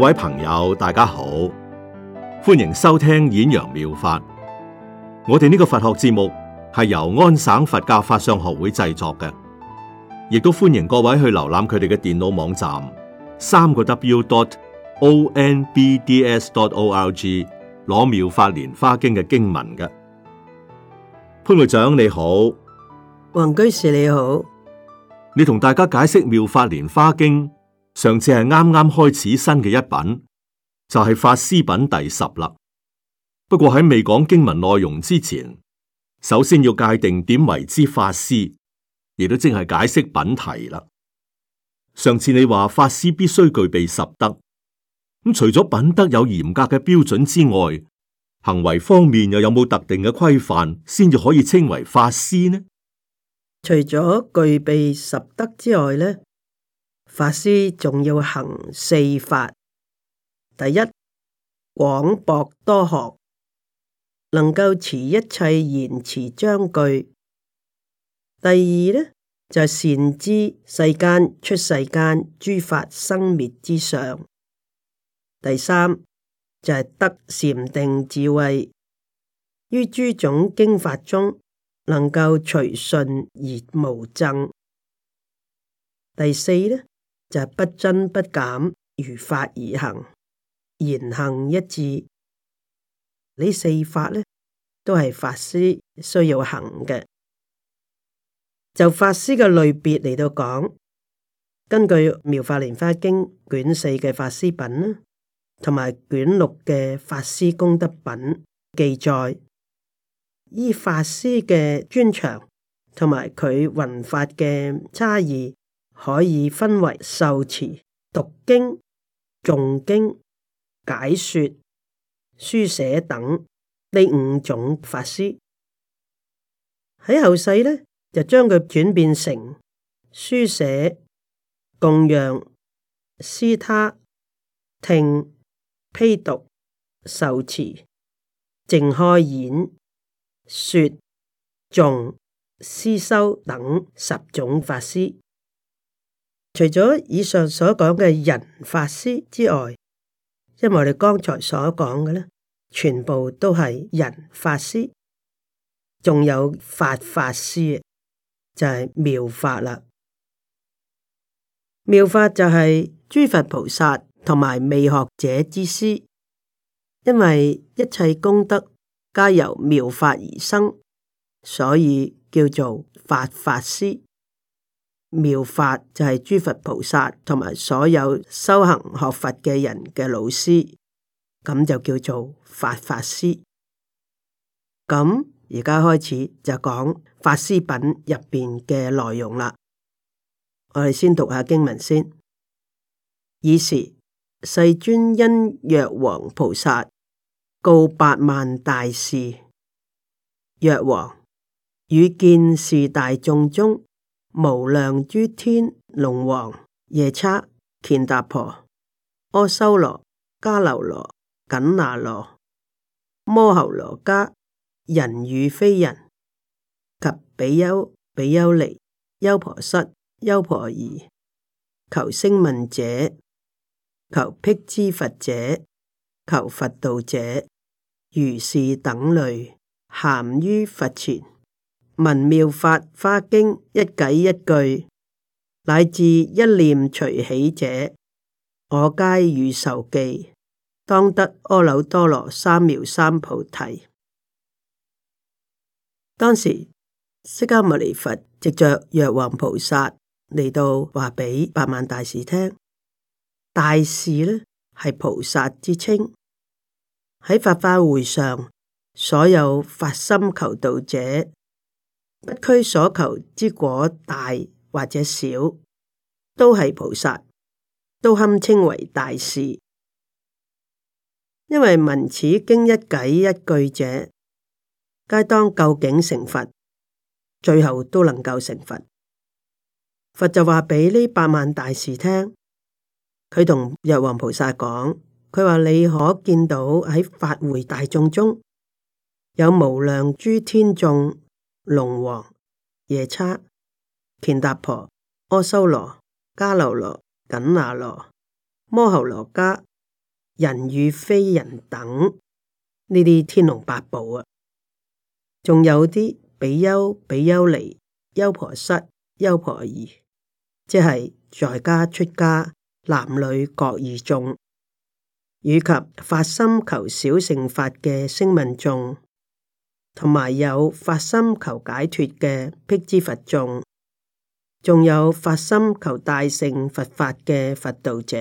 各位朋友，大家好，歡迎收聽演揚妙、妙法。我哋呢個佛學節目係由安省佛教法相學會製作嘅，亦都歡迎各位去瀏覽佢哋嘅電腦網站，三個 w dot o n b d s dot o r g 攞妙法蓮花經嘅經文嘅。潘會長你好，黃居士你好，你同大家解釋妙法蓮花經。上次係啱啱開始新嘅一品，就係法師品第十啦。不過喺未講經文內容之前，首先要界定點為之法師，亦都即係解釋品題啦。上次你話法師必須具備十德，咁除咗品德有嚴格嘅標準之外，行為方面又有冇特定嘅規範先至可以稱為法師呢？除咗具備十德之外，呢？法師仲要行四法：第一，廣博多學，能夠持一切言辭章句；第二咧，就係、善知世間出世間諸法生滅之相；第三，就係、是、得禪定智慧，於諸種經法中能夠隨順而無諍；第四咧。就係不增不減，如法而行，言行一致。呢四法咧，都係法師需要行嘅。就法師嘅類別嚟到講，根據《妙法蓮華經》卷四嘅法師品同埋卷六嘅法師功德品記載，依法師嘅專長同埋佢弘法嘅差異。可以分為受持、讀經、誦經、解說、書寫等，呢五種法師。喺後世咧，就將佢轉變成書寫、供養、施他、聽、披讀、受持、淨開演、說、誦、思修等十種法師。除咗以上所講嘅人法師之外，因為我哋剛才所講嘅呢，全部都係人法師，仲有法法師，就係妙法啦。妙法就係諸佛菩薩同埋未學者之師，因為一切功德皆由妙法而生，所以叫做法法師。妙法就係諸佛菩薩同埋所有修行學佛嘅人嘅老師，咁就叫做法法師。咁而家開始就講《法師品》入邊嘅內容啦。我哋先讀下經文先。爾時，世尊因藥王菩薩告八萬大士：藥王汝見是大眾中。無量諸天龍王、夜叉、乾達婆、阿修羅、迦樓羅、緊那羅、摩喉羅伽、人與非人、及比丘、比丘尼、優婆塞、優婆夷、求聲聞者、求辟支佛者、求佛道者，如是等類咸於佛前。文妙法華經一偈一句，乃至一念隨起者，我皆與受記，當得阿耨多羅三藐三菩提。當時釋迦牟尼佛直着藥王菩薩嚟到話畀百萬大士聽。大士呢係菩薩之稱，喺法法會上，所有發心求道者。不拘所求之果大或者小，都係菩薩，都堪稱為大士。因為聞此經一偈一句者，皆當究竟成佛，最後都能夠成佛。佛就話畀呢八萬大士聽，佢同藥王菩薩講，佢話你可見到喺法會大眾中有無量諸天眾。龍王、夜叉、乾達婆、阿修羅、迦樓羅、緊那羅、摩喉羅伽、人與非人等呢啲天龍八部啊，仲有啲比丘、比丘尼、優婆塞、優婆夷，即係在家出家男女各二眾，以及發心求小乘法嘅聲聞眾。同埋有發心求解脫嘅辟支佛眾，仲有發心求大乘佛法嘅佛道者，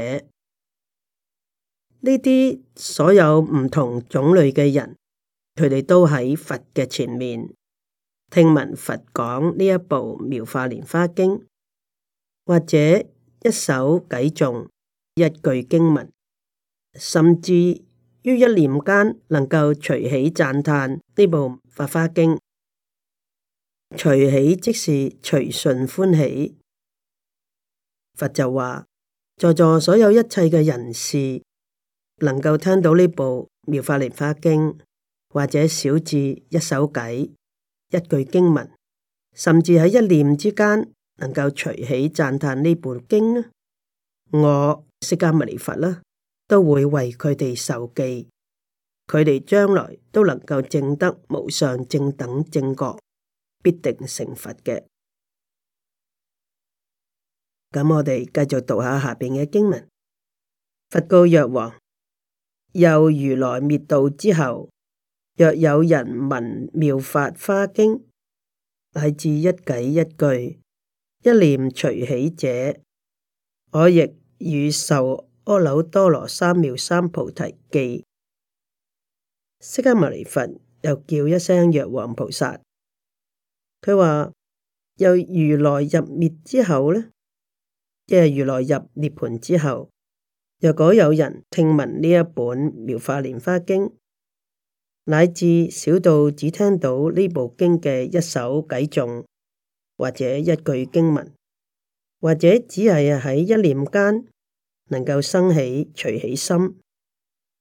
呢啲所有唔同種類嘅人，佢哋都喺佛嘅前面聽聞佛講呢一部《妙法蓮華經》，或者一首偈頌，一句經文，甚至，於一念間能夠隨喜讚嘆呢部《法華經》，隨喜即是隨順歡喜。佛就話，在座,座所有一切嘅人士，能夠聽到呢部《妙法蓮華經》，或者小至一首偈、一句經文，甚至喺一念之間能夠隨喜讚嘆呢部經呢，我釋迦牟尼佛啦。都會為佢哋受記，佢哋將來都能夠證得無上正等正覺，必定成佛嘅。咁我哋繼續讀下下邊嘅經文。佛告藥王：又如來滅度之後，若有人聞妙法花經，乃至一偈一句，一念隨喜者，我亦與受。阿耨多羅三藐三菩提記，釋迦牟尼佛又叫一聲藥王菩薩，佢話：又如來入滅之後呢，即係如來入涅盤之後，若果有人聽聞呢一本妙法蓮花經，乃至小到只聽到呢部經嘅一首偈頌，或者一句經文，或者只係喺一念間。能夠生起隨喜心，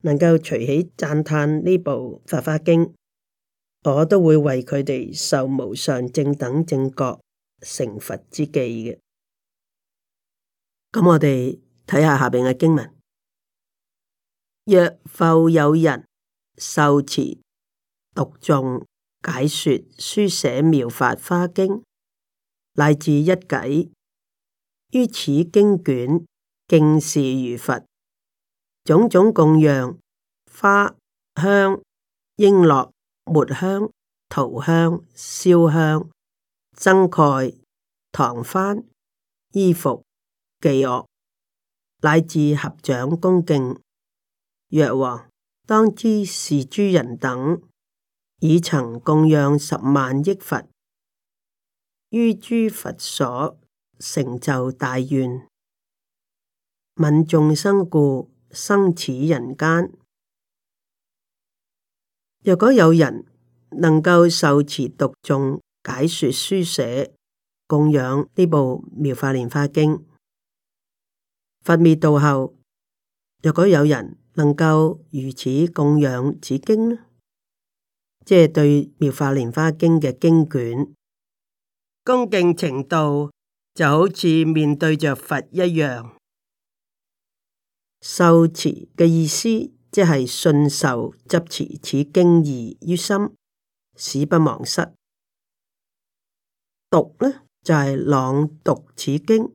能夠隨喜讚嘆呢部《法華經》，我都會為佢哋受無上正等正覺成佛之記嘅。咁我哋睇下下邊嘅經文：若復有人受持讀誦解說書寫妙法《華經》，乃至一偈於此經卷，敬事如佛，種種供養，花香、瓔珞、末香、塗香、燒香、繒蓋、幢幡、衣服、伎樂，乃至合掌恭敬。藥王當知是諸人等，已曾供養十萬億佛，於諸佛所成就大願。憫眾生故生此人間。若果有人能夠受持讀誦解說書寫供養呢部妙法蓮華經，佛滅度後，若果有人能夠如此供養此經，經，即係對妙法蓮華經嘅經卷恭敬程度，就好似面對着佛一樣。受持嘅意思即係信受執持此經而於心，使不忘失。讀呢就係、是、朗讀此經，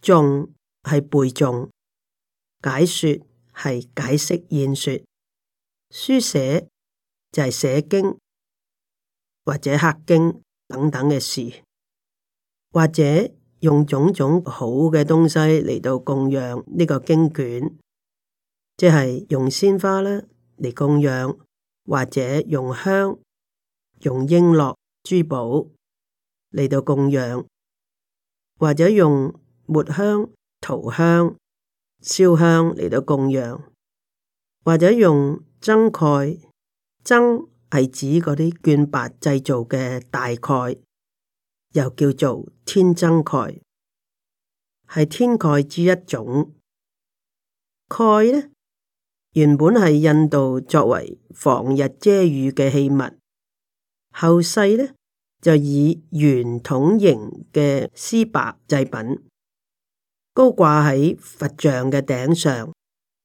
誦係背誦，解說係解釋演說，書寫就係、是、寫經或者刻經等等嘅事，或者。用種種好嘅東西嚟到供養呢個經卷，即係用鮮花啦嚟供養，或者用香、用瓔珞、珠寶嚟到供養，或者用抹香、塗香、燒香嚟到供養，或者用增蓋，增係指嗰啲絹帛製造嘅大蓋，又叫做。天真蓋係天蓋之一種，蓋咧原本係印度作為防日遮雨嘅器物，後世咧就以圓筒形嘅絲白製品高掛喺佛像嘅頂上，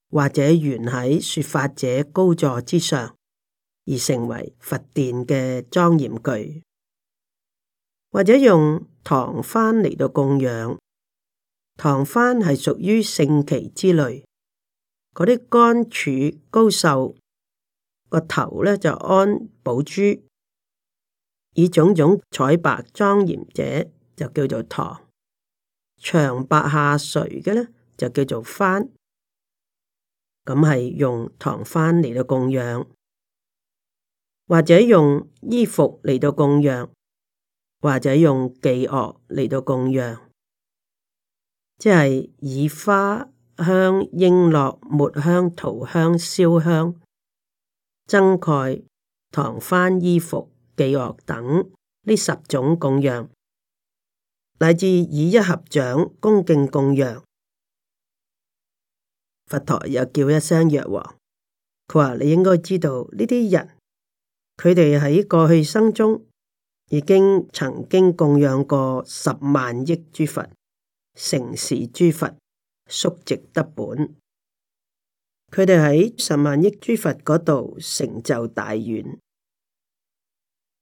或者懸喺說法者高座之上，而成為佛殿嘅莊嚴具。或者用幢幡嚟到供養，幢幡係屬於旌旗之類，嗰啲竿柱高秀個頭咧就安寶珠，以種種彩帛莊嚴者就叫做幢，長帛下垂嘅咧就叫做幡，咁係用幢幡嚟到供養，或者用衣服嚟到供養。或者用伎樂嚟到供養，即係以花香、瓔珞、末香、塗香、燒香、繒蓋、幢幡、衣服、伎樂等呢十種供養，乃至以一合掌恭敬供養。佛陀又叫一聲藥王，佢話你應該知道呢啲人，佢哋喺過去生中。已經曾經供養過十萬億諸佛，成事諸佛，速值得本。佢哋喺十萬億諸佛嗰度成就大願。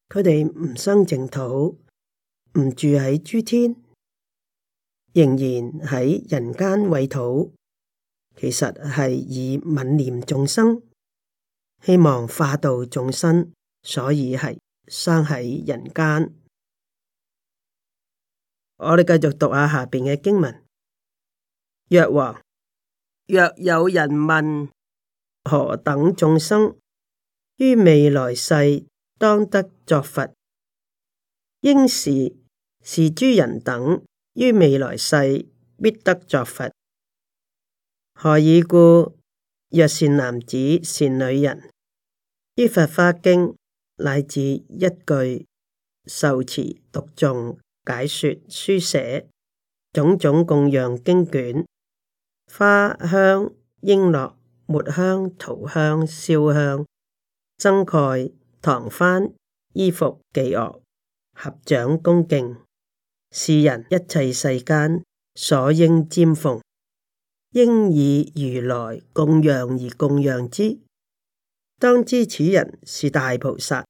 佢哋唔生淨土，唔住喺諸天，仍然喺人間為土。其實係以憫念眾生，希望化道眾生，所以係。生喺人間，我哋繼續讀下下邊嘅經文。藥王，若有人問，何等眾生於未來世當得作佛，應是是諸人等於未來世必得作佛。何以故？若善男子善女人於《法花經》。乃至一句受持讀誦解說書寫種種供養經卷花香瓔珞末香塗香燒香繒蓋唐幡衣服伎樂合掌恭敬是人一切世間所應瞻奉應以如來供養而供養之當知此人是大菩薩。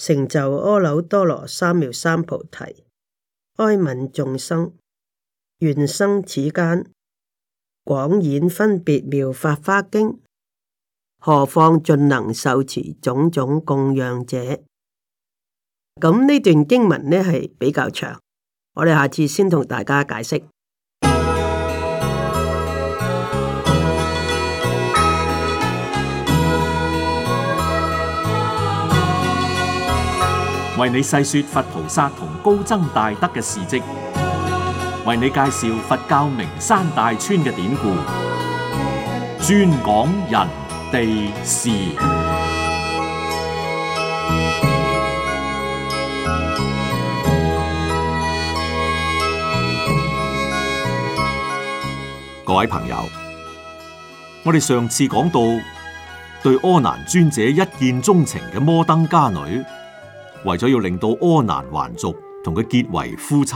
成就阿耨多羅三藐三菩提，哀憫眾生，願生此間，廣演分別妙法華經，何況盡能受持種種供養者？咁呢段經文呢係比較長，我哋下次先同大家解釋。為你細說佛菩薩同高僧大德嘅事跡，為你介紹佛教名山大川嘅典故，專講人地事。各位朋友，我哋上次講到對阿難尊者一見鍾情嘅摩登家女。為咗要令到阿難還俗同佢結為夫妻，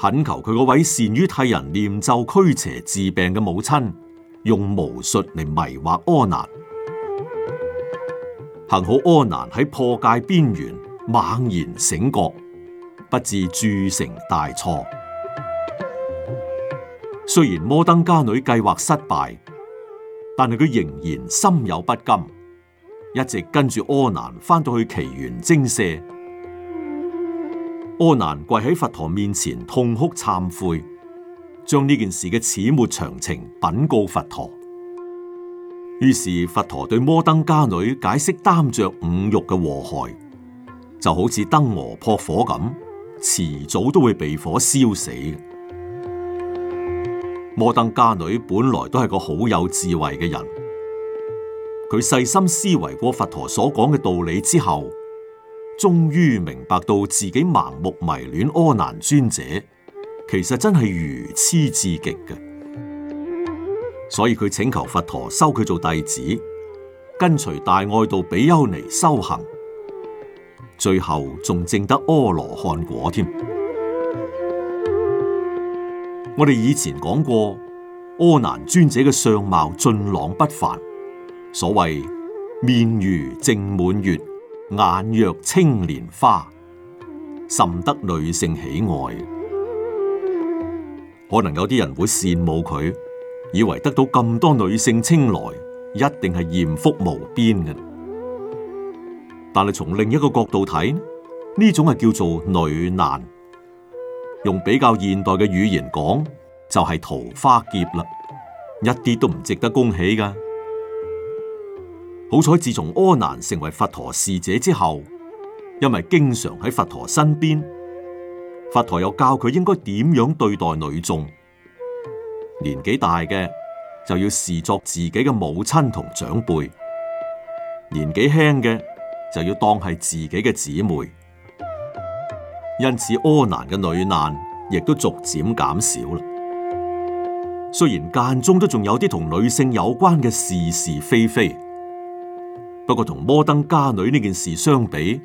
懇求佢嗰位善於替人念咒驅邪治病嘅母親，用巫術嚟迷惑阿難。幸好阿難喺破戒邊緣猛然醒覺，不致鑄成大錯。雖然摩登伽女計劃失敗，但係佢仍然心有不甘。一直跟住阿難翻到去祇園精舍，阿難跪喺佛陀面前痛哭懺悔，將呢件事嘅始末詳情稟告佛陀。於是佛陀對摩登伽女解釋擔着五欲嘅禍害，就好似燈蛾撲火咁，遲早都會被火燒死嘅。摩登伽女本來都係個好有智慧嘅人。佢細心思維過佛陀所講嘅道理之後，終於明白到自己盲目迷戀阿難尊者，其實真係愚痴至極嘅。所以佢請求佛陀收佢做弟子，跟隨大愛道比丘尼修行，最後仲證得阿羅漢果添。我哋以前講過，阿難尊者嘅相貌俊朗不凡。所謂面如淨滿月，眼若青蓮花，甚得女性喜愛。可能有啲人會羨慕佢，以為得到咁多女性青睞，一定係豔福無邊嘅。但係從另一個角度睇，呢種係叫做女難。用比較現代嘅語言講，就係桃花劫啦，一啲都唔值得恭喜噶。好彩，自從阿難成為佛陀侍者之後，因為經常喺佛陀身邊，佛陀又教佢應該點樣對待女眾，年紀大嘅就要視作自己嘅母親同長輩，年紀輕嘅就要當係自己嘅姊妹，因此阿難嘅女難亦都逐漸減少啦。雖然間中都仲有啲同女性有關嘅是是非非。不過同摩登家女呢件事相比，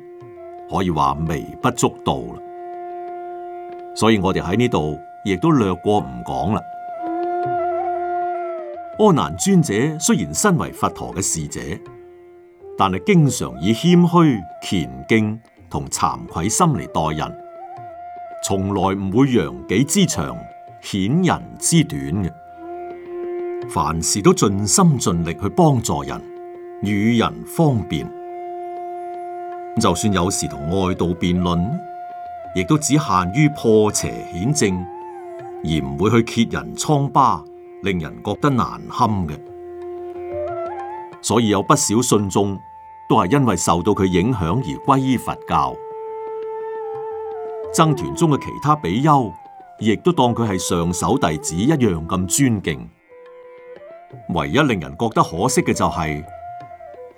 可以話微不足道啦。所以我哋喺呢度亦都略過唔講啦。阿難尊者雖然身為佛陀嘅侍者，但係經常以謙虛、虔敬同慚愧心嚟待人，從來唔會揚己之長、顯人之短嘅。凡事都盡心盡力去幫助人。與人方便，就算有時同外道辯論，亦都只限於破邪顯正，而唔會去揭人瘡疤，令人覺得難堪嘅。所以有不少信眾都係因為受到佢影響而歸依佛教。僧團中嘅其他比丘，亦都當佢係上首弟子一樣咁尊敬。唯一令人覺得可惜嘅就係、是。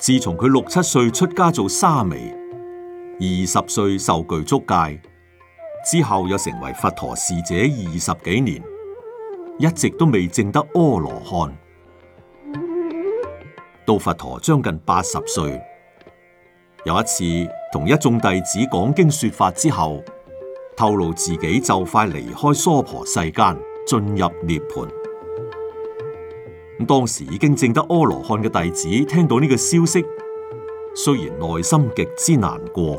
自從佢六七歲出家做沙彌，二十歲受具足戒之後，又成為佛陀侍者二十幾年，一直都未證得阿羅漢。到佛陀將近八十歲，有一次同一眾弟子講經說法之後，透露自己就快離開娑婆世間，進入涅槃。當時已經證得阿羅漢嘅弟子聽到呢個消息，雖然內心極之難過，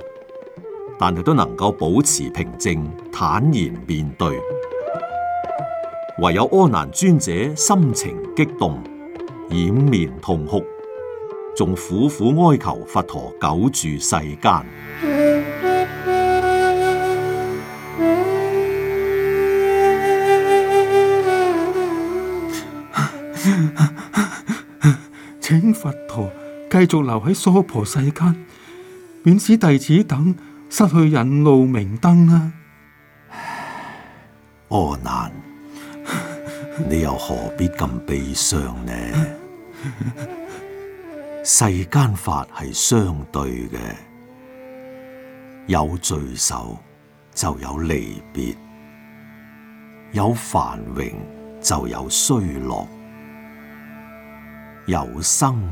但係都能夠保持平靜，坦然面對。唯有阿難尊者心情激動，掩面痛哭，仲苦苦哀求佛陀久住世間。繼續留喺娑婆世間，免使弟子等失去引路明燈啊！阿難， 你又何必咁悲傷呢？ 世間法係相對嘅，有聚首就有離別，有繁榮就有衰落，有生。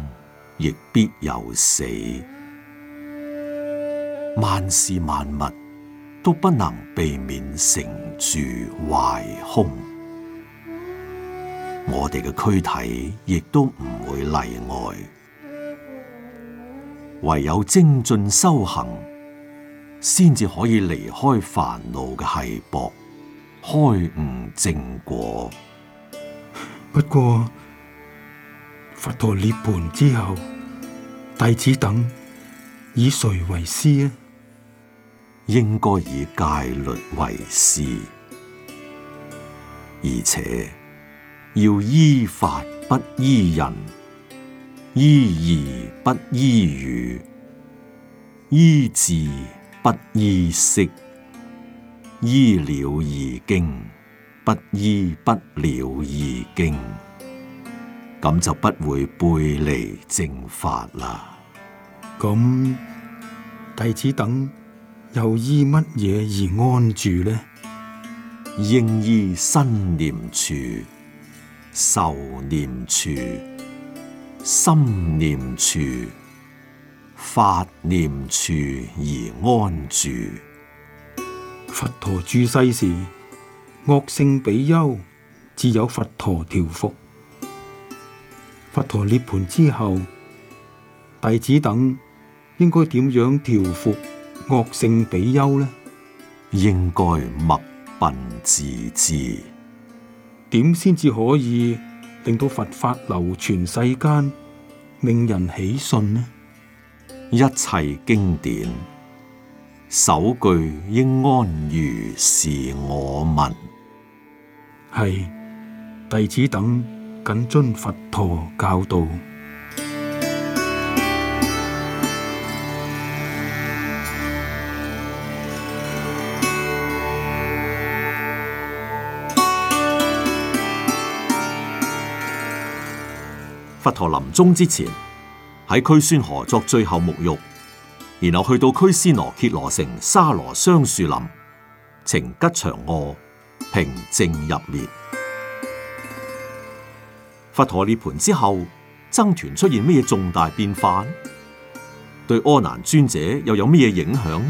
亦必有死，萬事萬物都不能避免成住壞空，我哋嘅軀體亦都唔會例外，唯有精進修行，先至可以離開煩惱嘅繫縛，開悟正果。不過。佛陀涅槃之後，弟子等以誰為師啊？應該以戒律為師，而且要依法不依人，依義不依語，依智不依識，依了義經不依不了義經。咁就不會背離正法啦。咁弟子等又依乜嘢而安住呢？應依身念處、受念處、心念處、法念處而安住。佛陀住世時，惡性比丘，自有佛陀調伏。佛陀涅槃之後，弟子等應該點樣調伏惡性比丘呢？應該默擯自知，點先至可以令到佛法流傳世間，令人起信呢？一切經典首句應安如是，是，我聞係弟子等。謹遵佛陀教導。佛陀臨終之前，喺拘孫河作最後沐浴，然後去到拘尸羅揭羅城沙羅雙樹林，呈吉祥臥，平靜入滅。佛陀涅盤之後，僧團出現咩嘢重大變化？對阿難尊者又有咩嘢影響？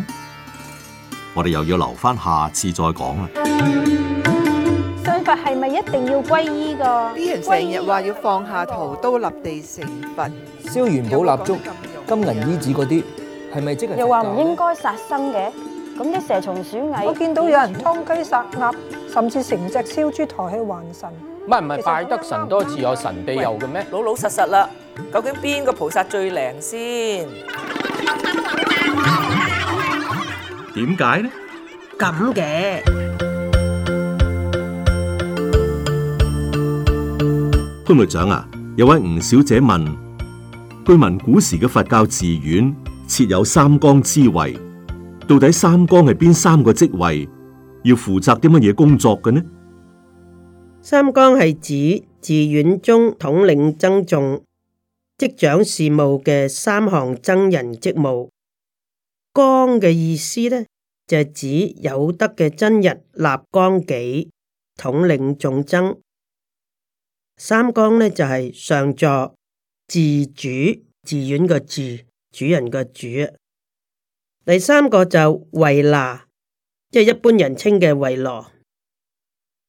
我哋又要留翻下，下次再講啦。信佛係咪一定要皈依噶？成日話要放下屠刀立地成佛，燒元寶蠟燭、金銀衣紙嗰啲，係咪、嗯、即係？又話唔應該殺生嘅，咁啲蛇蟲鼠蟻，我見到有人劏雞殺鴨，甚至成隻燒豬抬去還神。唔係唔係，拜得神多自有神庇佑嘅咩？老老實實啦，究竟邊個菩薩最靈先？點解呢？咁嘅。潘局長啊，有位吳小姐問，據聞古時嘅佛教寺院設有三綱之位，到底三綱係邊三個職位？要負責啲乜嘢工作嘅呢？三綱係指寺院中統領僧眾、執掌事務嘅三項僧人職務。綱嘅意思呢，就是、指有德嘅僧人立綱紀，統領眾僧。三綱呢，就係、是、上座、寺主、寺院個寺」、主人個主，第三個就維那，即一般人稱嘅維羅。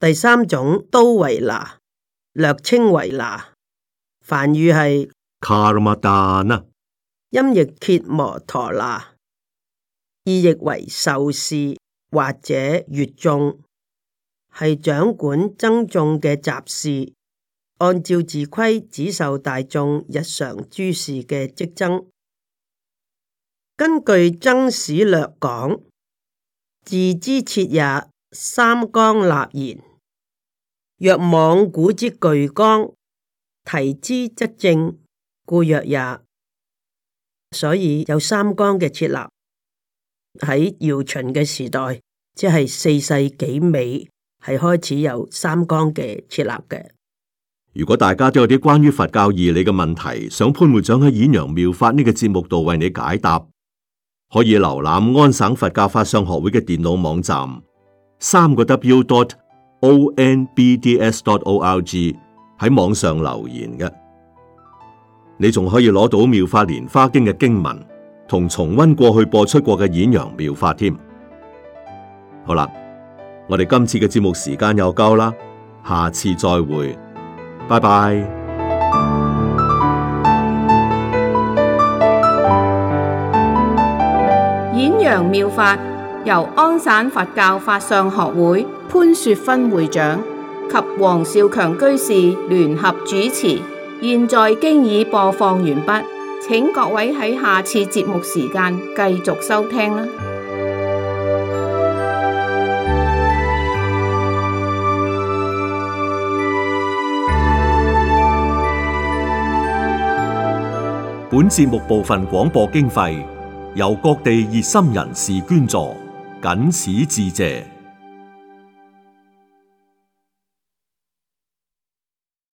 第三種都維拿，略稱為拿，梵語係卡羅木旦啊，音譯揭摩陀拿，意譯為受事或者悅眾，係掌管僧眾嘅雜事，按照自規只受大眾日常諸事嘅積增。根據僧史略講，自之切也，三綱立言。若網古之巨綱，提之則正，故曰也。所以有三綱嘅設立喺堯秦嘅時代，即係四世紀尾，係開始有三綱嘅設立嘅。如果大家都有啲關於佛教義理嘅問題，想潘會長喺《演揚妙法》呢、這個節目度為你解答，可以瀏覽安省佛教法商學會嘅電腦網站，三個 W dot。O N B D S. dot o r g 喺網上留言嘅，你仲可以攞到《妙法蓮花經》嘅經文，同重溫過去播出過嘅演揚妙法添。好啦，我哋今次嘅節目時間又夠啦，下次再會，拜拜。演揚妙法由安省佛教法相學會。潘雪芬會長及黃少強居士聯合主持，現在經已播放完畢，請各位喺下次節目時間繼續收聽啦。本節目部分廣播經費由各地熱心人士捐助，謹此致謝。